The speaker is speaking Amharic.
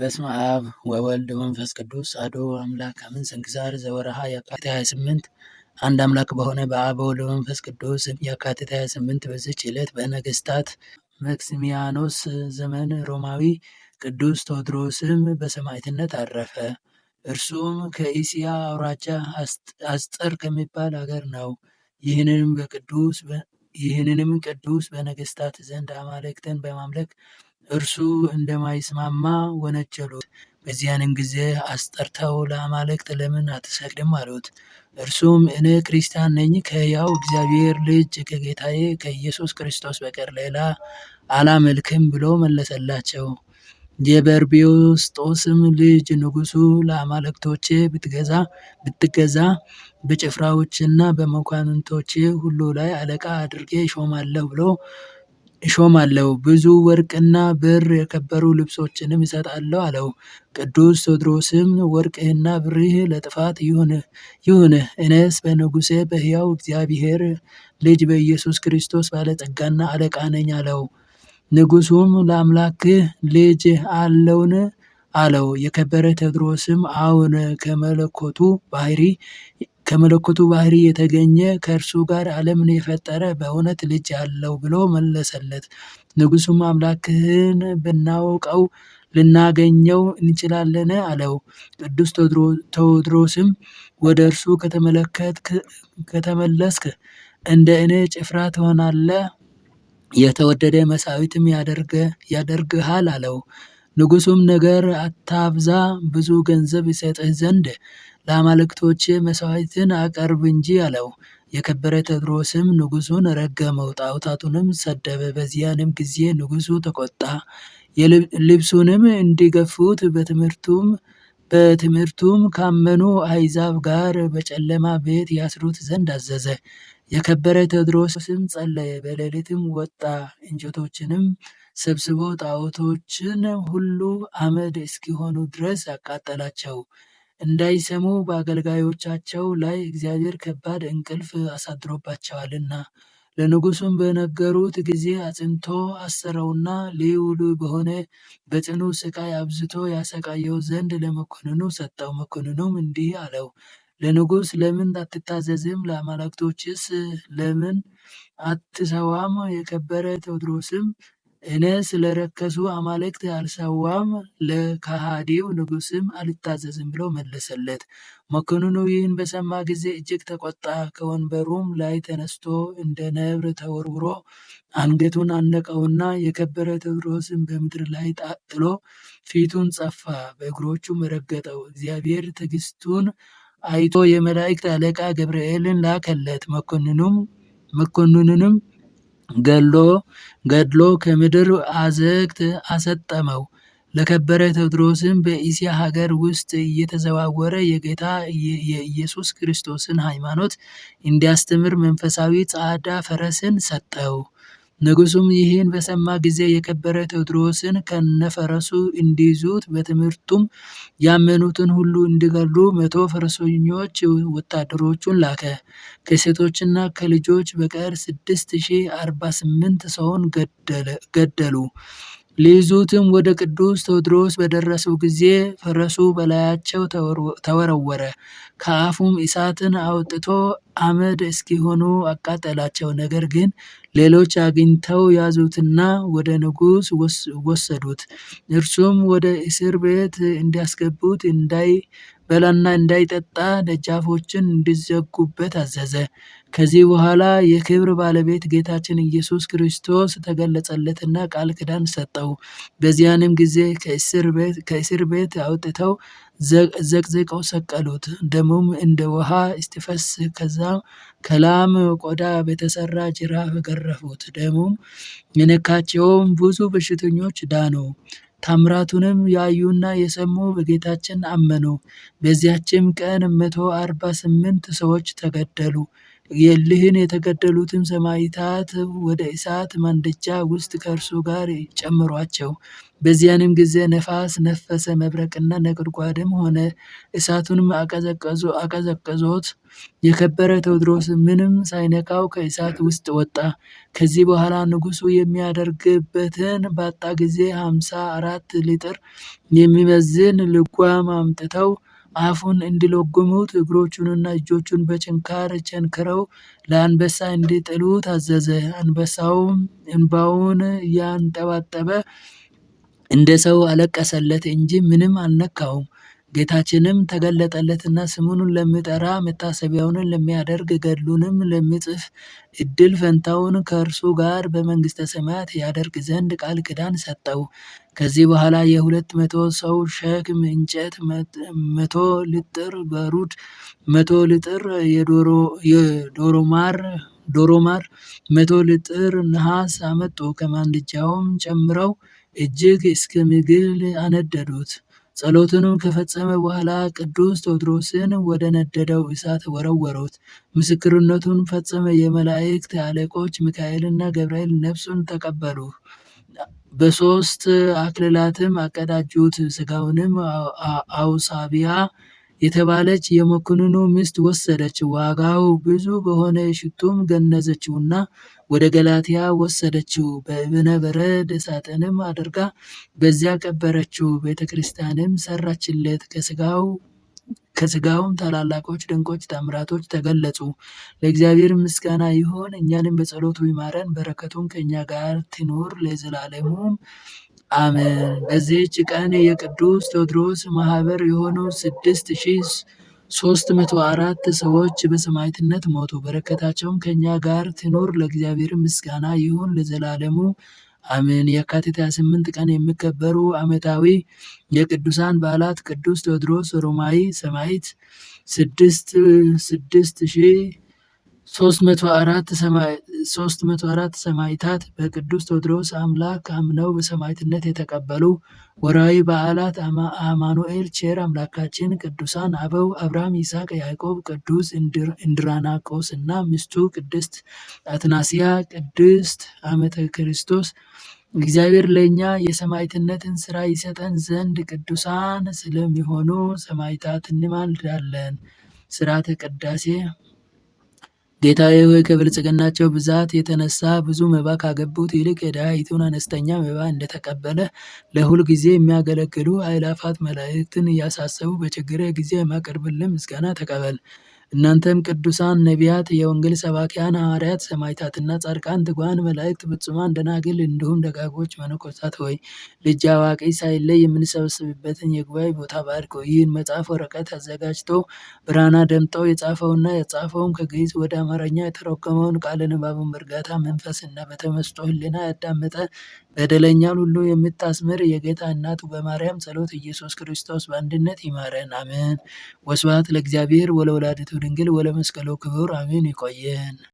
በስመ አብ ወወልድ ወመንፈስ ቅዱስ አሐዱ አምላክ አሜን። ስንክሳር ዘወርኀ የካቲት 28 አንድ አምላክ በሆነ በአብ ወወልድ ወመንፈስ ቅዱስ የካቲት 28 በዚች ዕለት በነገስታት መክሲሚያኖስ ዘመን ሮማዊ ቅዱስ ቴዎድሮስም በሰማዕትነት አረፈ። እርሱም ከእስያ አውራጃ አስጠር ከሚባል አገር ነው። ይህንንም ቅዱስ በነገስታት ዘንድ አማልክትን በማምለክ እርሱ እንደማይስማማ ወነጀሉት። በዚያንም ጊዜ አስጠርተው ለአማልክት ለምን አትሰግድም አሉት። እርሱም እኔ ክርስቲያን ነኝ፣ ከሕያው እግዚአብሔር ልጅ ከጌታዬ ከኢየሱስ ክርስቶስ በቀር ሌላ አላመልክም ብሎ መለሰላቸው። የበርቢስጦስም ልጅ ንጉሱ ለአማልክቶቼ ብትገዛ ብትገዛ በጭፍራዎችና በመኳንንቶቼ ሁሉ ላይ አለቃ አድርጌ ይሾማለሁ ብሎ እሾማለሁ ብዙ ወርቅና ብር የከበሩ ልብሶችንም እሰጣለሁ አለው። ቅዱስ ቴዎድሮስም ወርቅህና ብርህ ለጥፋት ይሁን እኔስ በንጉሴ በሕያው እግዚአብሔር ልጅ በኢየሱስ ክርስቶስ ባለጠጋና አለቃ ነኝ አለው። ንጉሡም ለአምላክህ ልጅ አለውን? አለው የከበረ ቴዎድሮስም አዎን ከመለኮቱ ባሕርይ ከመለኮቱ ባህሪ የተገኘ ከእርሱ ጋር ዓለምን የፈጠረ በእውነት ልጅ አለው ብሎ መለሰለት። ንጉሱም አምላክህን ብናውቀው ልናገኘው እንችላለን አለው። ቅዱስ ቴዎድሮስም ወደ እርሱ ከተመለስክ እንደ እኔ ጭፍራ ትሆናለህ፣ የተወደደ መሳዊትም ያደርግሃል አለው። ንጉሱም ነገር አታብዛ፣ ብዙ ገንዘብ ይሰጥህ ዘንድ ለአማልክቶችህ መሥዋዕትን አቅርብ እንጂ አለው። የከበረ ቴዎድሮስም ንጉሡን ረገመው፣ ጣዖታቱንም ሰደበ። በዚያንም ጊዜ ንጉሡ ተቆጣ ልብሱንም እንዲገፉት በትምህርቱም ካመኑ አሕዛብ ጋር በጨለማ ቤት ያስሩት ዘንድ አዘዘ። የከበረ ቴዎድሮስም ጸለየ፣ በሌሊትም ወጣ እንጨቶችንም ሰብስቦ ጣዖቶችን ሁሉ አመድ እስኪሆኑ ድረስ አቃጠላቸው። እንዳይሰሙ በአገልጋዮቻቸው ላይ እግዚአብሔር ከባድ እንቅልፍ አሳድሮባቸዋልና። ለንጉሱም በነገሩት ጊዜ አጽንቶ አሰረውና ልዩ በሆነ በጽኑ ስቃይ አብዝቶ ያሰቃየው ዘንድ ለመኮንኑ ሰጠው። መኮንኑም እንዲህ አለው፣ ለንጉስ ለምን አትታዘዝም? ለአማልክቶችስ ለምን አትሰዋም? የከበረ ቴዎድሮስም እኔ ስለ ረከሱ አማልክት አልሳዋም ለካሃዴው ንጉስም አልታዘዝም ብሎ መለሰለት። መኮንኑ ይህን በሰማ ጊዜ እጅግ ተቆጣ። ከወንበሩም ላይ ተነስቶ እንደ ነብር ተወርውሮ አንገቱን አነቀውና የከበረ ቴዎድሮስን በምድር ላይ ጣጥሎ ፊቱን ጸፋ፣ በእግሮቹም ረገጠው። እግዚአብሔር ትዕግስቱን አይቶ የመላእክት አለቃ ገብርኤልን ላከለት። መኮንኑንም ገድሎ ከምድር አዘግት አሰጠመው። ለከበረ ቴዎድሮስም በእስያ ሀገር ውስጥ እየተዘዋወረ የጌታ የኢየሱስ ክርስቶስን ሃይማኖት እንዲያስተምር መንፈሳዊ ጸዓዳ ፈረስን ሰጠው። ንጉሱም ይህን በሰማ ጊዜ የከበረ ቴዎድሮስን ከነፈረሱ እንዲይዙት በትምህርቱም ያመኑትን ሁሉ እንዲገሉ መቶ ፈረሰኞች ወታደሮቹን ላከ። ከሴቶችና ከልጆች በቀር ስድስት ሺህ አርባ ስምንት ሰውን ገደሉ። ሊይዙትም ወደ ቅዱስ ቴዎድሮስ በደረሰው ጊዜ ፈረሱ በላያቸው ተወረወረ። ከአፉም እሳትን አውጥቶ አመድ እስኪሆኑ አቃጠላቸው። ነገር ግን ሌሎች አግኝተው ያዙትና ወደ ንጉሥ ወሰዱት፤ እርሱም ወደ እስር ቤት እንዲያስገቡት እንዳይ በላና እንዳይጠጣ ደጃፎችን እንዲዘጉበት አዘዘ። ከዚህ በኋላ የክብር ባለቤት ጌታችን ኢየሱስ ክርስቶስ ተገለጸለትና ቃል ክዳን ሰጠው። በዚያንም ጊዜ ከእስር ቤት አውጥተው ዘቅዝቀው ሰቀሉት። ደሙም እንደ ውሃ እስቲፈስ ከዛ ከላም ቆዳ በተሰራ ጅራፍ ገረፉት። ደሙም የነካቸውም ብዙ በሽተኞች ዳኑ። ታምራቱንም ያዩና የሰሙ በጌታችን አመኑ። በዚያችም ቀን መቶ አርባ ስምንት ሰዎች ተገደሉ። የልህን የተገደሉትም ሰማዕታት ወደ እሳት ማንደጃ ውስጥ ከእርሱ ጋር ጨምሯቸው። በዚያንም ጊዜ ነፋስ ነፈሰ፣ መብረቅና ነቅድጓድም ሆነ፣ እሳቱንም አቀዘቀዞት የከበረ ቴዎድሮስ ምንም ሳይነካው ከእሳት ውስጥ ወጣ። ከዚህ በኋላ ንጉሱ የሚያደርግበትን ባጣ ጊዜ ሃምሳ አራት ሊጥር የሚመዝን ልጓም አምጥተው አፉን እንዲለጉሙት እግሮቹንና እጆቹን በችንካር ቸንክረው ለአንበሳ እንዲጥሉ ታዘዘ አንበሳውም እንባውን እያንጠባጠበ እንደ ሰው አለቀሰለት እንጂ ምንም አልነካውም። ጌታችንም ተገለጠለትና ስሙን ለሚጠራ መታሰቢያውን ለሚያደርግ ገድሉንም ለሚጽፍ እድል ፈንታውን ከእርሱ ጋር በመንግሥተ ሰማያት ያደርግ ዘንድ ቃል ኪዳን ሰጠው። ከዚህ በኋላ የሁለት መቶ ሰው ሸክም እንጨት፣ መቶ ልጥር በሩድ፣ መቶ ልጥር የዶሮማር ዶሮማር መቶ ልጥር ነሐስ አመጡ። ከማንድጃውም ጨምረው እጅግ እስከ ምግል አነደዱት። ጸሎቱንም ከፈጸመ በኋላ ቅዱስ ቴዎድሮስን ወደ ነደደው እሳት ወረወሩት። ምስክርነቱን ፈጸመ። የመላእክት አለቆች ሚካኤልና ገብርኤል ነፍሱን ተቀበሉ፣ በሶስት አክሊላትም አቀዳጁት። ስጋውንም አውሳቢያ የተባለች የመኮንኑ ሚስት ወሰደች። ዋጋው ብዙ በሆነ ሽቱም ገነዘችውና ወደ ገላትያ ወሰደችው። በእብነበረድ ሳጥንም አድርጋ በዚያ ቀበረችው። ቤተ ክርስቲያንም ከስጋው ከስጋውም ታላላቆች ድንቆች ታምራቶች ተገለጹ። ለእግዚአብሔር ምስጋና ይሁን፣ እኛንም በጸሎቱ ይማረን፣ በረከቱም ከእኛ ጋር ትኑር ለዘላለሙም አሜን። በዚህች ቀን የቅዱስ ቴዎድሮስ ማህበር የሆኑ 6304 ሰዎች በሰማዕትነት ሞቱ። በረከታቸውም ከእኛ ጋር ትኖር ለእግዚአብሔር ምስጋና ይሁን ለዘላለሙ አሜን። የካቲት 28 ቀን የሚከበሩ ዓመታዊ የቅዱሳን በዓላት፦ ቅዱስ ቴዎድሮስ ሮማዊ ሰማዕት፣ 6600 ሶስት መቶ አራት ሰማዕታት በቅዱስ ቴዎድሮስ አምላክ አምነው በሰማዕትነት የተቀበሉ ወራዊ በዓላት አማኑኤል ቸር አምላካችን ቅዱሳን አበው አብርሃም ይስሐቅ ያዕቆብ ቅዱስ እንድራናቆስ እና ሚስቱ ቅድስት አትናስያ ቅድስት ክርስቶስ እግዚአብሔር ለእኛ የሰማዕትነትን ሥራ ይሰጠን ዘንድ ቅዱሳን ስለሚሆኑ ሰማይታት እንማልዳለን ሥርዓተ ቅዳሴ ጌታዬ ሆይ ከብልጽግናቸው ብዛት የተነሳ ብዙ መባ ካገቡት ይልቅ የድሃይቱን አነስተኛ መባ እንደተቀበለ ለሁል ጊዜ የሚያገለግሉ አእላፋት መላእክትን እያሳሰቡ በችግር ጊዜ የማቀርብልህን ምስጋና ተቀበል። እናንተም ቅዱሳን ነቢያት፣ የወንጌል ሰባኪያን ሐዋርያት፣ ሰማዕታትና ጻድቃን፣ ትጉሃን መላእክት፣ ፍጹማን ደናግል እንዲሁም ደጋጎች መነኮሳት ሆይ ልጅ አዋቂ ሳይለይ የምንሰበሰብበትን የጉባኤ ቦታ ባርኩ። ይህን መጽሐፍ ወረቀት አዘጋጅቶ ብራና ደምጠው የጻፈውና የጻፈውም ከግዕዝ ወደ አማርኛ የተረጎመውን ቃለ ንባቡን በእርጋታ መንፈስና በተመስጦ ህልና ያዳመጠ በደለኛን ሁሉ የምታስምር የጌታ እናቱ በማርያም ጸሎት ኢየሱስ ክርስቶስ በአንድነት ይማረን፣ አሜን። ወስብሐት ለእግዚአብሔር ወለወላዲቱ ድንግል ወለመስቀሉ ክቡር አሜን። ይቆየን።